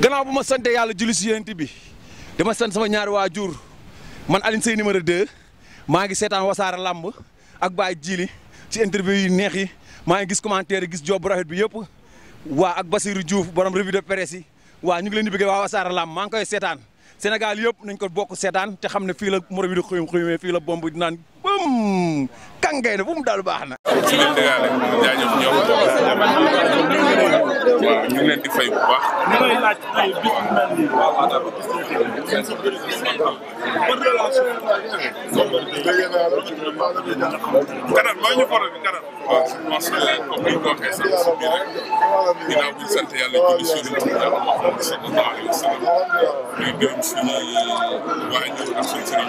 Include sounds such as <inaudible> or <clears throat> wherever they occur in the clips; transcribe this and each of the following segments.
gannaaw ba ma santee yàlla julli si yénent bi dama sant sama ñaari waajur man Alioune Seye numéro 2 maa ngi seetaan wasaara làmb ak Baye Djili ci interview yi neex yi maa ngi gis commentaire yi gis job bu bi yëpp waa ak Basirou Diouf borom revue de presse waa ñu ngi leen di bëgg waa wasaara làmb maa ngi koy seetaan Sénégal yëpp nañ ko bokk seetaan te xam ne fii la moro bi di xuyum xuyumee fii la bomb dinaan jum kàngay na bu mu daal baax na. ci biir dinaa leen jaajëf ñoom waaw ñu ngi leen di fay bu baax. ñu ngi laaj ay bis yu mel nii. waaw waaw daal gis nañ kanam maa ñu faral di kanam. waaw macha allah comme ni ñu ko waxee sax si biir rek ginnaaw bi ñu sant yàlla julli si yonent bi yàlla Muhammad sallallahu alayhi wa sallam. ñu gërëm suñu waajur ak suñu sëriñ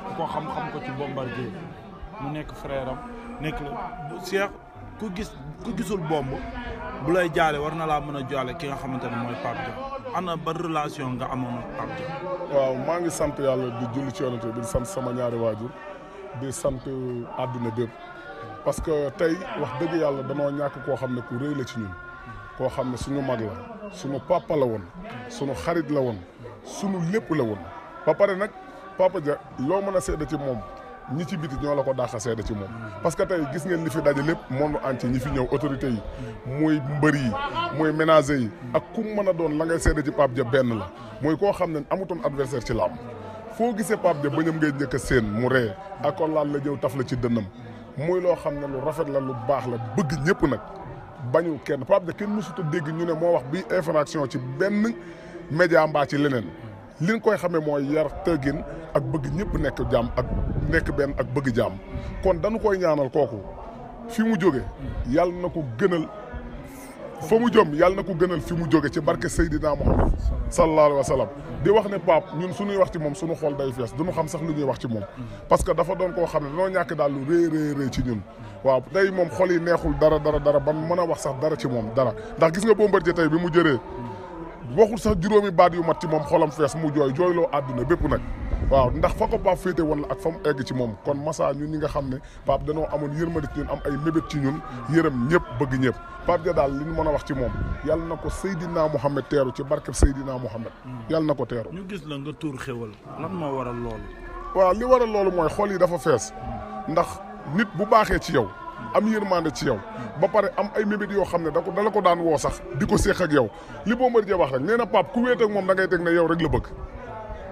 ko xam-xam ko ci bombardier mu nekk frère am nekk la Cheikh ku gis ku gisul bomb bu lay jaale war na laa mën a jaale ki nga xamante ne mooy Pape Dia ana ba relation nga amoon ak Pape Dia waaw maa ngi sant yàlla di julli ci yonent bi di sama ñaari waajur di sant àdduna bépp parce que tey wax dëgg yàlla danoo ñàkk koo xam ne ku ci ñun koo xam ne suñu mag suñu papa la woon suñu xarit la woon suñu lépp la woon ba pare nag Papa Dia loo mën a seede ci moom ñi ci biti ñoo la ko dàq a seede ci moom. parce que tey gis ngeen li fi daje lépp monde entier ñi fi ñëw autorité yi. muy mbër yi muy ménager yi. ak ku mën a doon la ngay seede ci Pape Dia benn la mooy koo xam ne amutoon adversaire ci làmb foo gisee Pape Dia bañam ngay njëkk a seen mu ree akolaal la jëw taf la ci dënnam muy loo xam ne lu rafet la lu baax la bëgg ñëpp nag bañul kenn Pape Dia kenn mësut a dégg ñu ne moo wax bii infraction ci benn média mbaa ci leneen. li nga koy xamee mooy yar tëggin ak bëgg ñëpp nekk jàmm ak nekk benn ak bëgg jàmm kon dañu koy ñaanal kooku fi mu jóge yàlla na ko gënal fa mu jëm yàlla na ko gënal fi mu jóge ci barke Seydina Muhammad sallallahu alayhi wa sallam di wax ne Pape ñun suñuy wax ci moom suñu xool day fees duñu xam sax lu ñuy wax ci moom parce que dafa doon koo xam ne dañoo ñàkk daal lu rëy rëy ci ñun waaw tey moom xol yi neexul dara dara dara ban mën a wax sax dara ci moom dara ndax gis nga Bombardier tey bi mu jëree waxul sax juróomi baat yu mat ci moom xolam fees mu jooy jooyloo àdduna bépp nag waaw ndax fa ko Pape féete woon la ak fa mu egg ci moom kon Massa ñun ñi nga xam ne Pape danoo amoon yërmande ci ñun am ay mébét ci ñun yërëm ñëpp bëgg ñëpp Pape ja daal li ñu mën a wax ci moom yàlla na ko Seydina Mouhamed teeru ci barkeb Seydina Mouhamed yàlla na ko teeru ñu gis la nga tuur xéwal lan moo waral loolu waaw li waral loolu mooy xol yi dafa fees ndax nit bu baaxee ci yow am yërmande ci yow ba pare am ay mébét yoo xam ne da ko dala ko daan woo sax di ko séq ak yow li Bombardier wax rek nee na Pape ku wéet ak moom da ngay teg ne yow rek la bëgg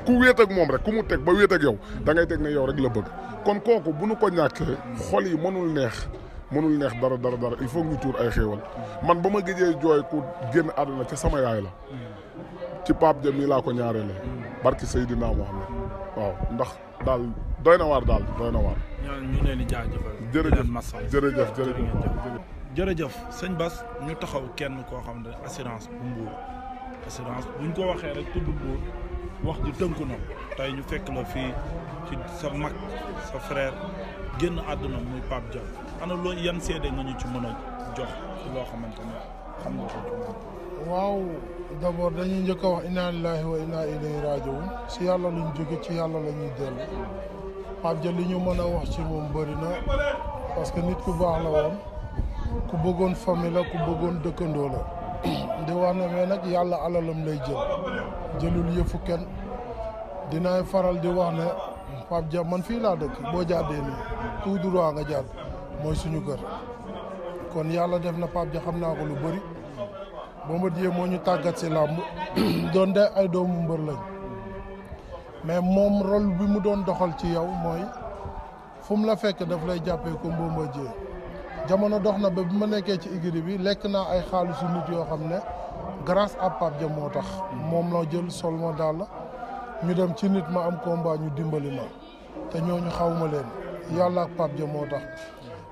ku wéet ak moom rek ku mu teg ba wéet yow da ngay teg yow rek la bëgg kon kooku bu nu ko ñàkkee xol yi mënul neex mënul neex dara dara dara il faut ñu tuur ay xéewal man ba ma gëjee jooy ku génn àdduna ca sama yaay la ci Pape Dia mii laa ko ñaareele barki Seydina Mouhamed waaw ndax daal doy na waar daal doy na waar. ñooñu leen di jaajëfal. jërëjëf jërëjëf jërëjëf jërëjëf sëñ Bass ñu taxaw kenn koo xam ne assurance bu mbuur assurance buñ ko waxee rek tudd mbuur wax ju tënku tey ñu fekk la fii ci sa mag sa frère génn àdduna muy Pape Diop ana loo yan seede nga ñu ci mën a jox ci loo xamante ne xam nga ko waaw d'abord dañuy njëkk a wax inna lillahi wa inna ilayhi rajiun si yàlla lañ jóge ci yàlla la ñuy dellu Pape Dia li ñu mën a wax ci moom bëri na parce que nit ku baax la woon ku bëggoon famille ku bëggoon dëkkandoo la <clears throat> di wax ne mais nag yàlla alalam lay jël jëlul yëfu kenn dinaay faral di wax ne Pape Dia man fii laa dëkk boo jàddee nii tout droit nga jàdd mooy suñu kër kon yàlla def na Pape Dia xam naa ko lu bëri Bombardier moo ñu tàggat si làmb <clears throat> doon de ay doomu mbër lañ mais moom rôle bi mu doon doxal ci yow mooy fu mu la fekk daf lay jàppee comme Bombardier jamono dox na ba bi ma nekkee ci igri bi lekk naa ay xaalisu nit yoo xam ne grâce à Pape Dia moo tax moom loo jël sol ma dàll ñu dem ci nit ma am combat ñu dimbali ma te ñooñu xaw ma leen yàlla ak Pape Dia moo tax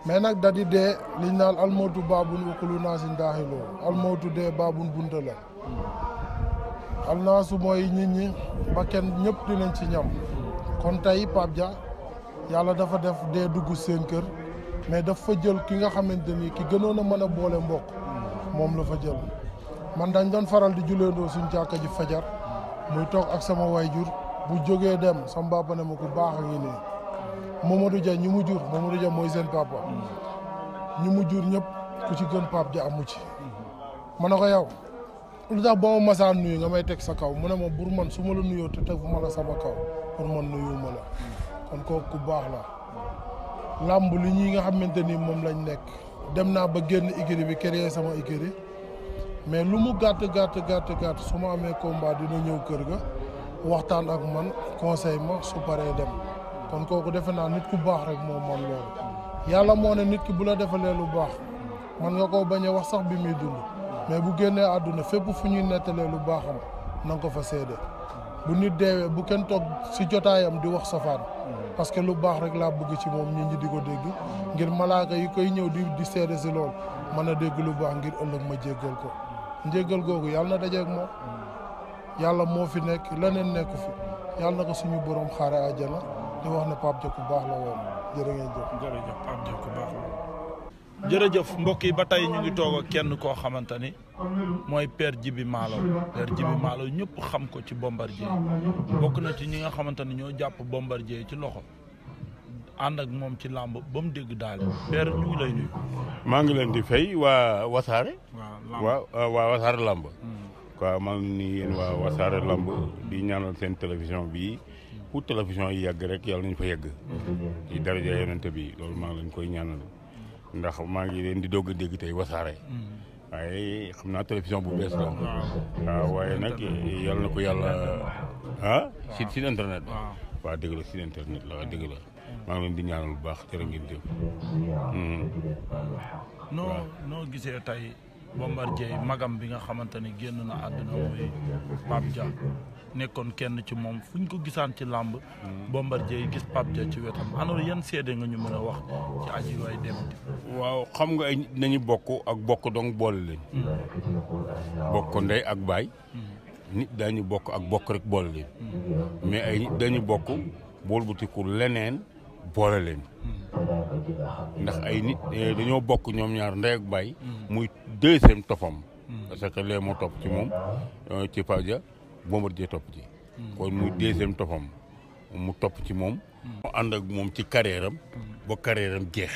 mais nag da di dee liñ naan almootu baabun wakulu naasin daaxiloo almootu dee baabun bunta la alnaasu mooy nit ñi kenn ñëpp dinañ ci ñam kon tey Pape Dia yàlla dafa def dee dugg seen kër mais dafa jël ki nga xamante ni ki gënoon a mën a boole mbokk moom la fa jël man dañ daan faral di julleendoo suñ jàkka ji fajar muy toog ak sama waajur bu jógee dem sama bàbba ne ma ku baax a nii du Dia ñu mu jur du Dia mooy seen papa. ñu mu jur ñëpp ku ci gën ja amu ci. ma ne ko yow lu tax boo ma masaan nuyu nga may teg sa kaw mu ne ma bur man su ma la nuyoo te tegu ma la sama kaw pour man nuyu ma la. kon ko ku baax la. làmb li ñuy nga xamante ni moom lañ nekk dem naa ba génn écurie bi créer sama écurie mais lu mu gàtt gàtt gàtt gàtt su ma amee combat dina ñëw kër ga waxtaan ak man conseil ma su paree dem. kon kooku defe naa nit ku baax rek moom man loolu yàlla moo ne nit ki bu la defalee lu baax man nga koo bañ a wax sax bi muy dund mais bu génnee àdduna fépp fu ñuy nettalee lu baaxam na ko fa seede bu nit deewee bu kenn toog si jotaayam di wax safaan parce que lu baax rek laa bëgg ci moom nit ñi di ko dégg ngir malaaka yi koy ñëw di di seede si lool mën a dégg lu baax ngir ëllëg ma jéggal ko njéggal googu yàlla na dajeeg moom yàlla moo fi nekk leneen nekku fi yàlla na ko suñu borom xaare àjjana wax ne Pape Diop baax la woon jërëjëf Pape mbokk yi ba tey ñu ngi toog ak kenn koo xamante ni mooy père Djibi Malo père Djibi Malo ñëpp xam ko ci Bombardier bokk na ci ñi nga xamante ni ñoo jàpp Bombardier ci loxo ànd ak moom ci làmb ba mu dégg daal père ñu ngi lay nuyu. maa ngi leen di fay waa Wasaare. waa Wasaare làmb. waaw euh, hmm. maa ngi nuyu waa Wasaare làmb di ñaanal seen télévision bii. fu télévision i yàgg rek yàlla nañu fa yegg mm-hmm. ci daraja yonente bi loolu maa ngi leen koy ñaanal ndax maa ngi leen di dogg a dégg tey wasaare mm-hmm. waaye xam naa télévision bu bees la ah, waaw waaye nag yàlla na ko yàlla ah si si internet ah. waaw dëgg la si internet la waaw dëgg la maa ngi leen di ñaanal bu baax jërë ngeen jëf mm-hmm. Bombardier magam bi nga xamante ni génn na àdduna muy Pape Dia nekkoon kenn ci moom fu ñu ko gisaan ci làmb Bombardier gis Pape Dia ci wetam alors yan seede nga ñu mën wax ci aji waay dem waaw xam nga ay nañu bokk ak bokk donc boole leen bokk ndey ak baay nit dañu bokk ak bokk rek boole leen hmm. mais ay nit dañu bokk bool butiku leneen boole leen hmm. ndax ay nit eh, dañoo bokk ñoom ñaar ndey ak baay hmm. muy deuxième toppam hmm. parce que lee moo topp ci moom euh, ci Fadia Bombardier topp ci kon muy deuxième toppam mu topp ci moom mu ànd moom ci carrière boo ba geex am jeex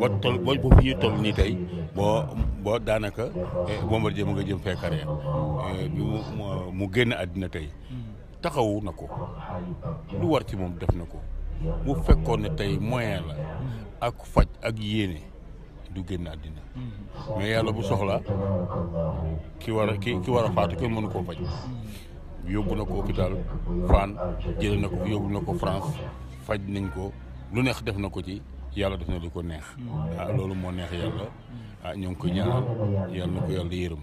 ba ba fi toll nii tey boo boo daanaka eh, Bombardier ma nga jëm fee carrière eh, mu génn àddina tey taxawu na ko lu war ci moom def na ko bu fekkoon ne tey moyen la ak faj ak yéene du génn àddina mais yàlla bu soxla ki war a ki ki war a faatu kenn mënu koo faj yóbbu na ko hôpital Fann jëlee na ko yóbbu na ko France faj nañ ko lu neex def na ko ci yàlla def na li ko neex ah loolu moo neex yàlla ah ñoo ngi ko ñaanal yàlla na ko yàlla yërëm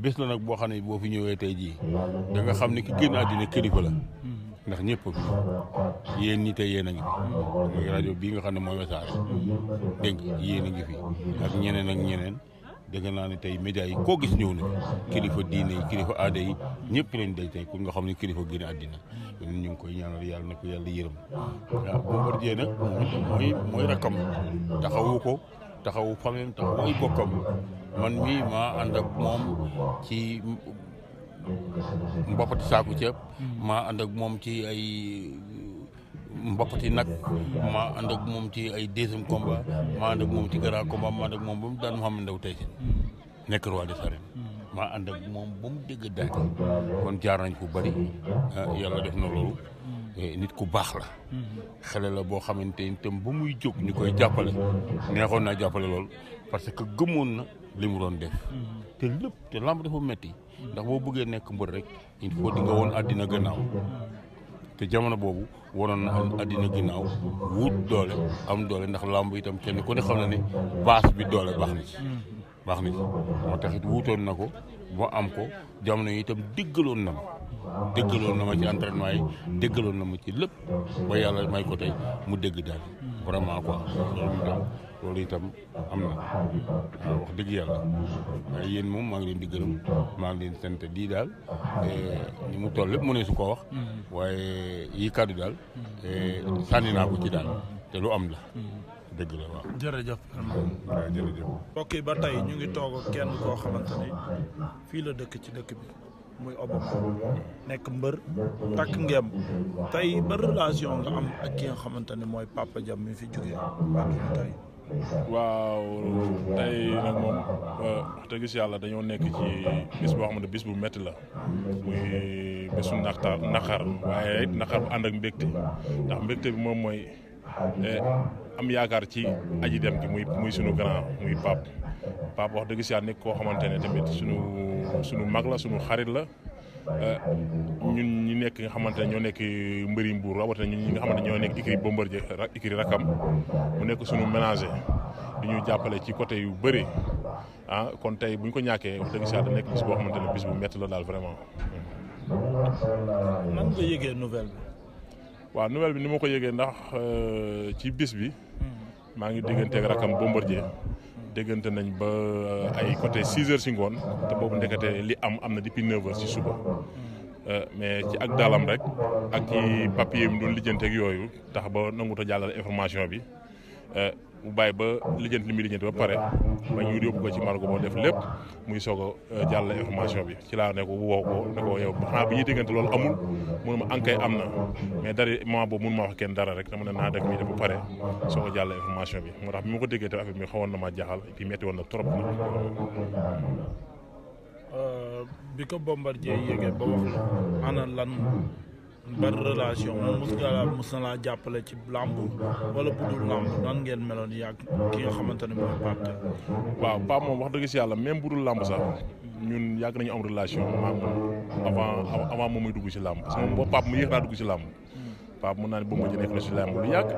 bés la nag boo xam ne boo ñëwee tey jii xam ne ki génn àddina kilifa la ndax ñëpp yéen ñi tey yéen a fi rajo bii nga xam ne mooy wasaare dégg yéen a ngi fi ak ñeneen ak ñeneen dégg naa ne tey média yi koo gis ñëw na kilifa diine yi kilifa aada yi ñëpp lañ day tey pour nga xam ne kilifa génn àddina ñu ngi koy ñaanal yàlla na ko yàlla yërëm waaw Bombardier nag mooy mooy rakkam taxawu ko taxawu famem taxawu bokkam man mii maa ànd ak moom ci mboppati saaku ceeb maa ànd ak moom ci ay mboppati nag maa ànd moom ci ay deuxième combat maa ànd moom ci grand combat maa ànd ak moom ba mu daan Mouhamed Ndao tey nekk roi des arènes maa ànd moom ba mu dégg daal kon jaar nañ ku bari ah, yàlla def na loolu eh, nit ku baax la xale la boo xamante ni tam ba muy jóg ñu koy jàppale neexoon naa jàppale loolu parce que gëmoon na li mu doon def. Mm-hmm. te lépp te làmb dafa metti ndax boo bëggee nekk mbër rek. il faut di nga woon àddina gannaaw. Mm-hmm. te jamono boobu waroon na àddina ginnaaw wut doole am doole ndax làmb itam kenn ku ne xam na ne baas bi doole baax na ci. Mm-hmm. baax na ci moo tax it wuutoon na ko ba am ko jamono yi itam déggaloon na ma. déggaloon na ma ci entraînement yi déggaloon na ma ci lépp ba yàlla may ko tey mu dégg daal. vraiment quoi loolu itam am na waaw wax dëgg yàlla waaye yéen moom maa ngi leen di gërëm maa ngi leen sant lii daal eh, ni mu toll lépp mu ne su koo wax waaye yi kàddu daal eh, sànni ci daal te lu am la dëgg la waaw jërëjëf waaw ba tey ñu ngi toog ak kenn koo xamante ni fii la dëkk ci dëkk bi muy Obama nekk mbër takk ngeem tey ba relation nga am ak ki nga xamante ne mooy Papa Jam mi fi jógee ak tey waaw tey nag moom euh, wax dëgg si yàlla dañoo nekk ci bis boo xamante bis bu métti la muy su naqar naqar waaye it naqar bu ànd ak mbégte ndax mbégte bi moom mooy euh, am yaakaar ci aji dem gi muy muy sunu grand muy pap pap wax dëgg si yàlla koo xamante ne tamit sunu sunu mag la sunu xarit la Euh, ñun ñu nekk nga xamante ne ñoo nekk mbëri Mbour rawatina ñun ñi nga xamante ne ñoo nekk écurie Bombardier écurie Rakam mu nekk suñu ménager di ñu jàppale ci côté yu bëri ah kon tey bu ñu ko ñàkkee wax dëgg saa da nekk bis boo xamante ne bis bu métti la daal vraiment. Hmm. nan nga yëgee nouvelle bi. waaw nouvelle bi ni ma ko yegee ndax euh, ci bis bi. Hmm. maa ngi diggante ak Rakam Bombardier déggante nañ ba euh, ay côté 6 heures si ngoon te boobu ndekete li am am na depuis 9 heures si suba. Euh, mais ci ak daalam rek ak ci papier yi mu doon lijjanteeg yooyu tax ba nangut a jàllale information bi. Euh, mu bàyyi ba lijjanti li muy lijjanti ba pare ba ñu yóbbu ko ci margo moo def lépp muy soog a euh, jàll information bi ci laa ne ko woo ko ne ko yow xanaa bu ñuy diggante loolu am na mais dara moment boobu mënuma wax kenn dara rek dama ne naa def mi dafa pare soog jàll information bi moo tax bi ma ko déggee tamit affaire bi xawoon na ma jaaxal et metti woon na trop nag euh, bi ko bombardier yéegee ba wax la ana lan ban relation moom laa jàppale ci làmb wala bu dul làmb nan ngeen meloon ki nga xamante ne mooy Pape Kane waaw moom wax dëgg si yàlla même budul làmb sax ñun yàgg nañu am relation maam avant moom muy dugg si làmb parce que moom boo Pape mu yéex naa dugg làmb Pape mun naa ne Bombardier nekk na si làmb lu yàgg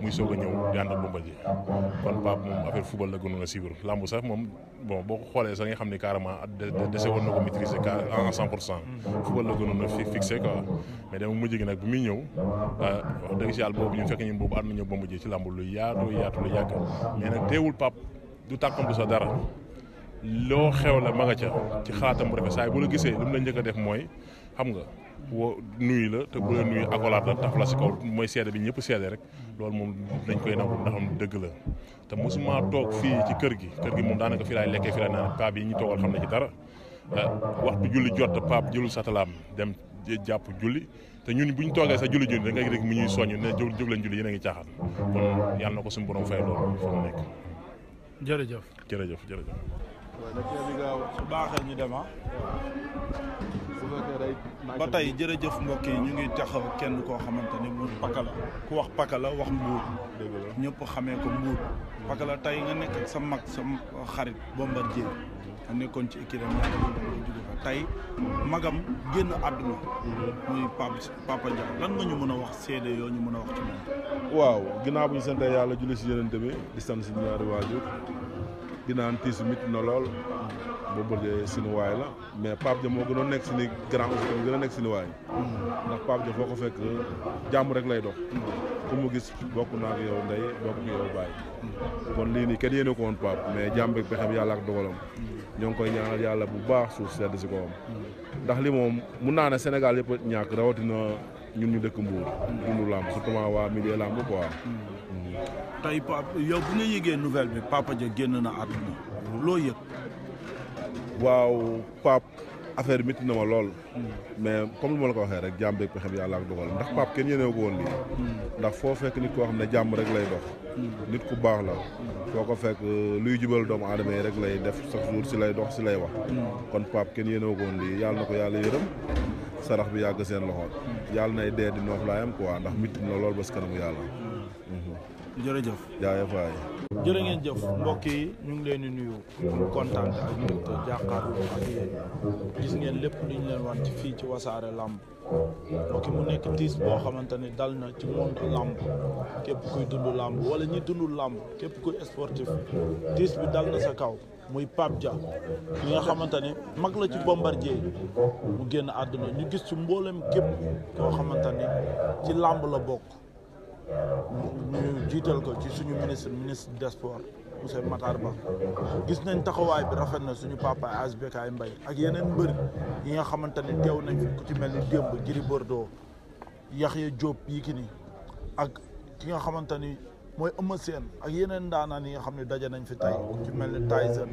muy soog a ñëw di ànd ak kon Pape moom affaire football la gënoon a suivre làmb sax moom bon boo ko xoolee sax nga xam ne carrément dese woon na ko maîtriser en 100 pour cent football dama mujj gi nag bi muy ñëw ah, wax dëgg si yàlla boobu ñun fekk ñun boobu ànd nañoo Bombardier ci làmb lu yaatu yaatu lu yàgg mais nag teewul Pape du tàkkamtu sa dara loo xew la ma nga ca ci xalaatam bu rafet saa yi bu la gisee lu mu la njëkk a def mooy xam nga wo nuyu la te bu la nuyu accolade la taf la si kaw mooy seede bi ñëpp seede rek loolu moom dañ koy nangu ndax am dëgg la te mosuma toog fii ci kër gi kër gi moom daanaka fi laay lekkee fi laay yi ñu toogal xam ne ci dara euh, waxtu julli jot paab jëlul satalaam dem jàpp julli te ñun bu ñu toogee sax julli julli da ngay dégg mu ñuy soññ ne jóg jóg leen julli yéen a ngi caaxaan kon yàlla na ko suñu borom fay loolu fa mu nekk. jërëjëf jërëjëf jërëjëf. waaw ba tey jërëjëf mbokk yi ñu ngi taxaw kenn koo xamante ni mu pakala ku wax la wax mbuur ñëpp xamee ko mbuur pakala tey nga nekk ak sa mag sa xarit Bombardier nga nekkoon ci écurie ñaar tey magam génn àdduna mm-hmm. muy Papa Dia lan nga ñu mën a wax seede yoo ñu mën a wax ci moom waaw ginnaaw bu ñu sante yàlla julli si yeneen bi di sant si ñaari waajur ginnaaw tiisu mit na lool boo bëggee sinuwaay la mais Pape Dia moo gënoon nekk si ni grand aussi gën a nekk si sinuwaay ndax Pape Dia foo ko fekk jàmm rek lay dox ku mu gis bokk naa ak yow ndey bokk ak yow baay kon lii nii kenn yéene ko woon Pape mais jàmm beeg pexem yàlla ak dogalam ñoo ngi koy yàlla bu baax suuf sedd si kawam ndax li moom mun naa ne Sénégal yëpp ñàkk rawatina ñun ñu dëkk Mbour dundu làmb surtout waa milieu làmb quoi tey Pape yow bu nga yëgee nouvelle bi Papa Dia génn na àdduna loo yëg waaw Pape affaire métti na ma lool. mais comme li ma la ko waxee rek jàmm beeg pexe bi yàlla ak dogal ndax Pape kenn yéenewu ko woon lii. ndax foo fekk nit koo xam ne jàmm rek lay dox. nit ku baax la. foo ko fekk euh, luy jubal doomu aadama yi rek lay def chaque jour si lay dox si lay wax. kon Pape kenn yéenewu ko woon lii yàlla na ko yàlla yërëm. sarax bi yàgg seen loxo. yàlla nay dee di noof laayam waa ndax métti na lool ba si kanamu yàlla. jërëjëf jaayee faay. jërë ngeen jëf mbokk yi ñu ngi leen di nuyu ñu kontaan ak ñun te jàkkaarloo ak yéen gis ngeen lépp lu ñu leen wan fii ci wasaare làmb mbokk mu nekk tiis boo xamante ni dal na ci monde làmb képp kuy dund làmb wala ñi dundul làmb képp kuy sportif tiis bi dal na sa kaw muy Pape Dia ki nga xamante ne mag la ci Bombardier mu génn àdduna ñu gis ci mbooleem képp koo xamante ni ci làmb la bokk ñu jiital ko ci suñu ministre ministre des sports monsieur Matar Ba gis nañ taxawaay bi rafet na suñu papa Asbekaay Mbaye ak yeneen mbër yi nga xamante ne teew nañ fi ku ci mel ni démb Giri Bordeaux Yaxya Diop Yékini ak ki nga xamante ni mooy Eumeu Sène ak yeneen daanaan yi nga xam ne daje nañ fi tey ku ci mel ni Tyson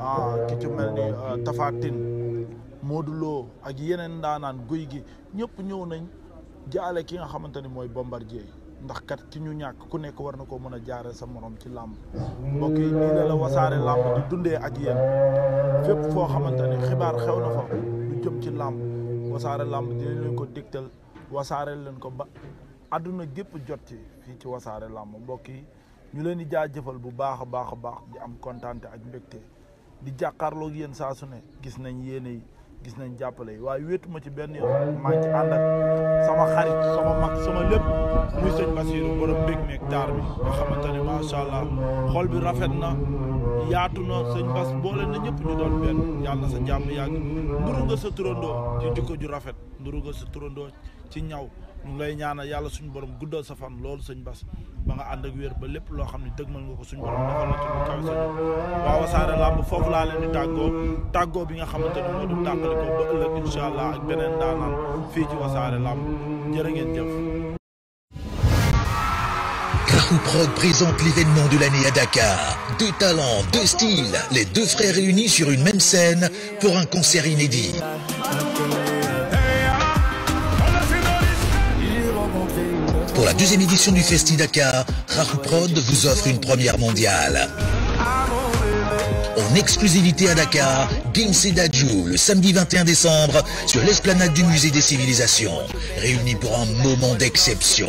ah ki ci mel ni euh, Tapha Tine ak yeneen daanaan guy gi ñépp ñëw nañ. jaale ki nga xamante ni mooy bombardier ndax kat ci ñu ñàkk ku nekk war na koo mën a jaare sa moroom ci làmb mbokk yi nii la la wasaare làmb di dundee ak yéen fépp foo xamante ni xibaar xew na fa lu jëm ci làmb wasaare làmb di leen ko dégtal wasaare leen ko ba àdduna gépp jot ci fii ci wasaare làmb mbokk yi ñu leen di jaa jëfal bu baax a baax a baax di am kontaan ak mbégte di jàkkaarloog yéen saa su ne gis nañ yéene yi gis nañ jàppale yi waaye wéetuma ci benn yoon maa ngi ànd ak sama xarit sama mag sama lépp muy sëñ Basiru borom bég meeg taar bi nga xamante ne macha allah xol bi rafet na yaatu na sëñ Bas boole na ñëpp ñu doon benn yàlla sa jàmm yàgg nduru nga sa turandoo ci jikko ju rafet nduru sa turandoo ci ñaw ñu ñaan ñaanal yàlla suñu borom guddal sa fan loolu sëñ Bas ba nga ànd ak wér ba lépp loo xam ne dëgmal nga ko suñu borom defal la ci lu kaw sa Lamb foofu laa leen di tàggoo bi nga xamante ne moo du tàqali ko ba ëllëg incha ak beneen daanaan fii ci Lamb jërë ngeen jëf. Prod présente l'événement de l'année à Dakar. Deux talents, deux styles, les deux frères réunis sur une même scène pour un concert inédit. Pour la deuxième édition du Festi Dakar, Rahu Prod vous offre une première mondiale. En exclusivité à Dakar, Gims et le samedi décembre, sur l'esplanade du Musée des Civilisations, réunis pour un moment d'exception.